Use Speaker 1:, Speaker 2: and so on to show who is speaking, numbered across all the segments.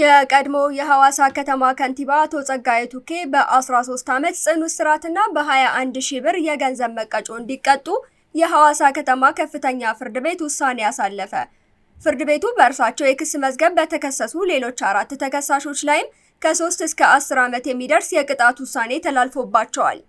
Speaker 1: የቀድሞ የሐዋሳ ከተማ ከንቲባ አቶ ጸጋዬ ቱኬ በ13 ዓመት ጽኑ እስራትና በ21 ሺህ ብር የገንዘብ መቀጮ እንዲቀጡ የሐዋሳ ከተማ ከፍተኛ ፍርድ ቤት ውሳኔ አሳለፈ። ፍርድ ቤቱ በእርሳቸው የክስ መዝገብ በተከሰሱ ሌሎች አራት ተከሳሾች ላይም ከ3 እስከ 10 ዓመት የሚደርስ የቅጣት ውሳኔ ተላልፎባቸዋል።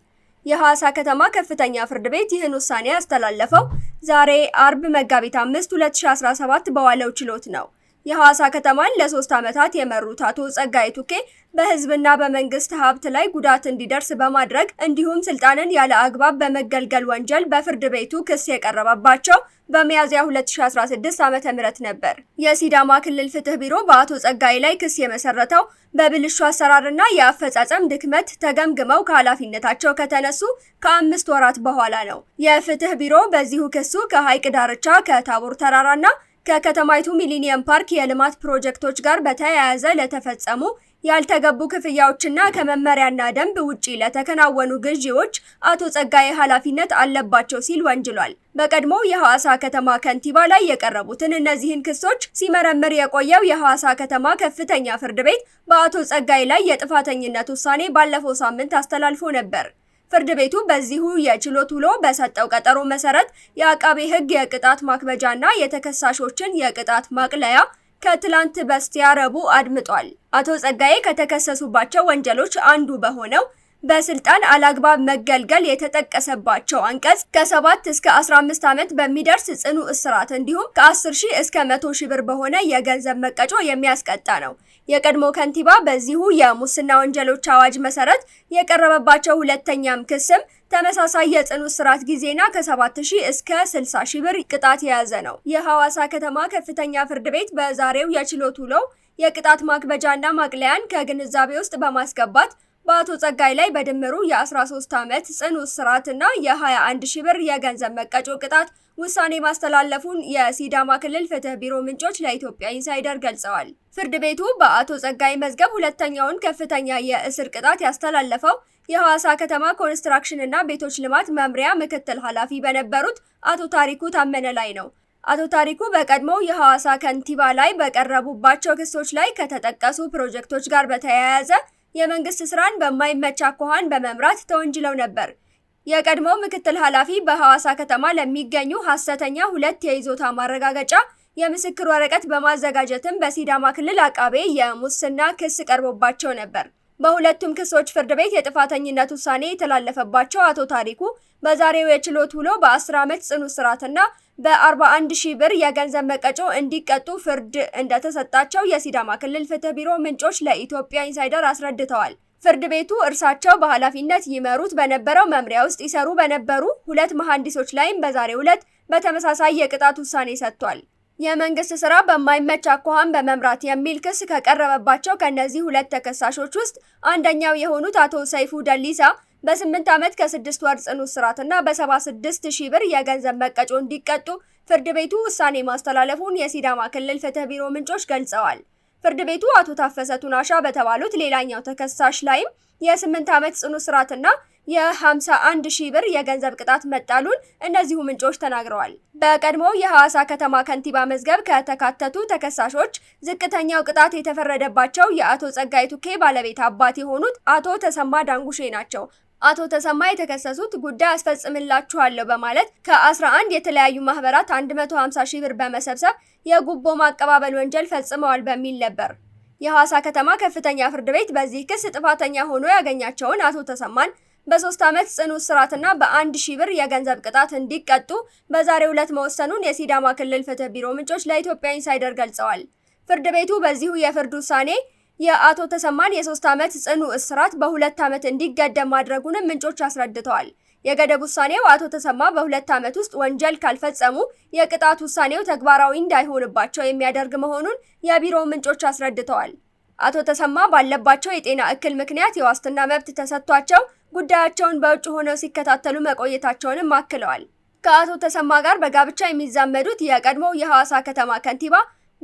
Speaker 1: የሐዋሳ ከተማ ከፍተኛ ፍርድ ቤት ይህን ውሳኔ ያስተላለፈው ዛሬ አርብ መጋቢት 5 2017 በዋለው ችሎት ነው። የሐዋሳ ከተማን ለሶስት ዓመታት የመሩት አቶ ጸጋይ ቱኬ በህዝብና በመንግስት ሀብት ላይ ጉዳት እንዲደርስ በማድረግ እንዲሁም ስልጣንን ያለ አግባብ በመገልገል ወንጀል በፍርድ ቤቱ ክስ የቀረበባቸው በሚያዝያ 2016 ዓ.ም ነበር። የሲዳማ ክልል ፍትህ ቢሮ በአቶ ጸጋይ ላይ ክስ የመሰረተው በብልሹ አሰራርና የአፈጻጸም ድክመት ተገምግመው ከኃላፊነታቸው ከተነሱ ከአምስት ወራት በኋላ ነው። የፍትህ ቢሮ በዚሁ ክሱ ከሐይቅ ዳርቻ ከታቦር ተራራና ከከተማይቱ ሚሊኒየም ፓርክ የልማት ፕሮጀክቶች ጋር በተያያዘ ለተፈጸሙ ያልተገቡ ክፍያዎችና ከመመሪያና ደንብ ውጪ ለተከናወኑ ግዢዎች አቶ ጸጋዬ ኃላፊነት አለባቸው ሲል ወንጅሏል። በቀድሞ የሐዋሳ ከተማ ከንቲባ ላይ የቀረቡትን እነዚህን ክሶች ሲመረምር የቆየው የሐዋሳ ከተማ ከፍተኛ ፍርድ ቤት በአቶ ጸጋዬ ላይ የጥፋተኝነት ውሳኔ ባለፈው ሳምንት አስተላልፎ ነበር። ፍርድ ቤቱ በዚሁ የችሎት ውሎ በሰጠው ቀጠሮ መሰረት የአቃቤ ሕግ የቅጣት ማክበጃና የተከሳሾችን የቅጣት ማቅለያ ከትላንት በስቲያ ረቡዕ አድምጧል። አቶ ጸጋዬ ከተከሰሱባቸው ወንጀሎች አንዱ በሆነው በስልጣን አላግባብ መገልገል የተጠቀሰባቸው አንቀጽ ከ7 እስከ 15 ዓመት በሚደርስ ጽኑ እስራት እንዲሁም ከ10 ሺህ እስከ 100 ሺህ ብር በሆነ የገንዘብ መቀጮ የሚያስቀጣ ነው። የቀድሞ ከንቲባ በዚሁ የሙስና ወንጀሎች አዋጅ መሰረት የቀረበባቸው ሁለተኛም ክስም ተመሳሳይ የጽኑ እስራት ጊዜና ከ7000 እስከ 60000 ብር ቅጣት የያዘ ነው። የሐዋሳ ከተማ ከፍተኛ ፍርድ ቤት በዛሬው የችሎት ውሎ የቅጣት ማክበጃና ማቅለያን ከግንዛቤ ውስጥ በማስገባት በአቶ ጸጋይ ላይ በድምሩ የ13 ዓመት ጽኑ እስራትና የ21 ሺህ ብር የገንዘብ መቀጮ ቅጣት ውሳኔ ማስተላለፉን የሲዳማ ክልል ፍትህ ቢሮ ምንጮች ለኢትዮጵያ ኢንሳይደር ገልጸዋል። ፍርድ ቤቱ በአቶ ጸጋይ መዝገብ ሁለተኛውን ከፍተኛ የእስር ቅጣት ያስተላለፈው የሐዋሳ ከተማ ኮንስትራክሽን እና ቤቶች ልማት መምሪያ ምክትል ኃላፊ በነበሩት አቶ ታሪኩ ታመነ ላይ ነው። አቶ ታሪኩ በቀድሞው የሐዋሳ ከንቲባ ላይ በቀረቡባቸው ክሶች ላይ ከተጠቀሱ ፕሮጀክቶች ጋር በተያያዘ የመንግስት ስራን በማይመች አኳኋን በመምራት ተወንጅለው ነበር። የቀድሞ ምክትል ኃላፊ በሐዋሳ ከተማ ለሚገኙ ሐሰተኛ ሁለት የይዞታ ማረጋገጫ የምስክር ወረቀት በማዘጋጀትም በሲዳማ ክልል አቃቤ የሙስና ክስ ቀርቦባቸው ነበር። በሁለቱም ክሶች ፍርድ ቤት የጥፋተኝነት ውሳኔ የተላለፈባቸው አቶ ታሪኩ በዛሬው የችሎት ውሎ በ10 ዓመት ጽኑ እስራትና በ41 ሺህ ብር የገንዘብ መቀጮ እንዲቀጡ ፍርድ እንደተሰጣቸው የሲዳማ ክልል ፍትህ ቢሮ ምንጮች ለኢትዮጵያ ኢንሳይደር አስረድተዋል። ፍርድ ቤቱ እርሳቸው በኃላፊነት ይመሩት በነበረው መምሪያ ውስጥ ይሰሩ በነበሩ ሁለት መሐንዲሶች ላይም በዛሬው ዕለት በተመሳሳይ የቅጣት ውሳኔ ሰጥቷል። የመንግስት ስራ በማይመች አኳኋን በመምራት የሚል ክስ ከቀረበባቸው ከእነዚህ ሁለት ተከሳሾች ውስጥ አንደኛው የሆኑት አቶ ሰይፉ ደሊሳ በስምንት ዓመት ከስድስት ወር ጽኑ እስራትና በሰባ ስድስት ሺህ ብር የገንዘብ መቀጮ እንዲቀጡ ፍርድ ቤቱ ውሳኔ ማስተላለፉን የሲዳማ ክልል ፍትህ ቢሮ ምንጮች ገልጸዋል። ፍርድ ቤቱ አቶ ታፈሰ ቱናሻ በተባሉት ሌላኛው ተከሳሽ ላይም የስምንት ዓመት ጽኑ እስራትና የ51 ሺህ ብር የገንዘብ ቅጣት መጣሉን እነዚሁ ምንጮች ተናግረዋል። በቀድሞ የሐዋሳ ከተማ ከንቲባ መዝገብ ከተካተቱ ተከሳሾች ዝቅተኛው ቅጣት የተፈረደባቸው የአቶ ጸጋይ ቱኬ ባለቤት አባት የሆኑት አቶ ተሰማ ዳንጉሼ ናቸው። አቶ ተሰማ የተከሰሱት ጉዳይ አስፈጽምላችኋለሁ በማለት ከ11 የተለያዩ ማህበራት 150 ሺህ ብር በመሰብሰብ የጉቦ ማቀባበል ወንጀል ፈጽመዋል በሚል ነበር። የሐዋሳ ከተማ ከፍተኛ ፍርድ ቤት በዚህ ክስ ጥፋተኛ ሆኖ ያገኛቸውን አቶ ተሰማን በሶስት ዓመት ጽኑ እስራትና በአንድ ሺህ ብር የገንዘብ ቅጣት እንዲቀጡ በዛሬው ዕለት መወሰኑን የሲዳማ ክልል ፍትህ ቢሮ ምንጮች ለኢትዮጵያ ኢንሳይደር ገልጸዋል። ፍርድ ቤቱ በዚሁ የፍርድ ውሳኔ የአቶ ተሰማን የሶስት ዓመት ጽኑ እስራት በሁለት ዓመት እንዲገደብ ማድረጉንም ምንጮች አስረድተዋል። የገደብ ውሳኔው አቶ ተሰማ በሁለት ዓመት ውስጥ ወንጀል ካልፈጸሙ የቅጣት ውሳኔው ተግባራዊ እንዳይሆንባቸው የሚያደርግ መሆኑን የቢሮው ምንጮች አስረድተዋል። አቶ ተሰማ ባለባቸው የጤና እክል ምክንያት የዋስትና መብት ተሰጥቷቸው ጉዳያቸውን በውጭ ሆነው ሲከታተሉ መቆየታቸውንም አክለዋል። ከአቶ ተሰማ ጋር በጋብቻ የሚዛመዱት የቀድሞው የሐዋሳ ከተማ ከንቲባ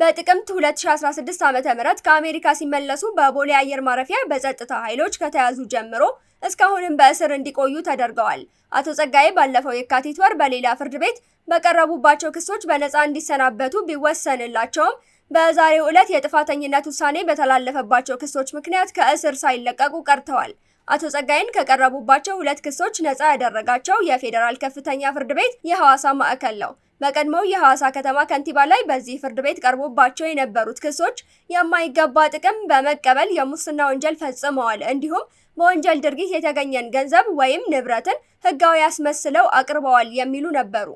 Speaker 1: በጥቅምት 2016 ዓ.ም ከአሜሪካ ሲመለሱ በቦሌ አየር ማረፊያ በጸጥታ ኃይሎች ከተያዙ ጀምሮ እስካሁንም በእስር እንዲቆዩ ተደርገዋል። አቶ ጸጋዬ ባለፈው የካቲት ወር በሌላ ፍርድ ቤት በቀረቡባቸው ክሶች በነፃ እንዲሰናበቱ ቢወሰንላቸውም በዛሬው ዕለት የጥፋተኝነት ውሳኔ በተላለፈባቸው ክሶች ምክንያት ከእስር ሳይለቀቁ ቀርተዋል። አቶ ጸጋይን ከቀረቡባቸው ሁለት ክሶች ነጻ ያደረጋቸው የፌዴራል ከፍተኛ ፍርድ ቤት የሐዋሳ ማዕከል ነው። በቀድሞው የሐዋሳ ከተማ ከንቲባ ላይ በዚህ ፍርድ ቤት ቀርቦባቸው የነበሩት ክሶች የማይገባ ጥቅም በመቀበል የሙስና ወንጀል ፈጽመዋል፣ እንዲሁም በወንጀል ድርጊት የተገኘን ገንዘብ ወይም ንብረትን ህጋዊ አስመስለው አቅርበዋል የሚሉ ነበሩ።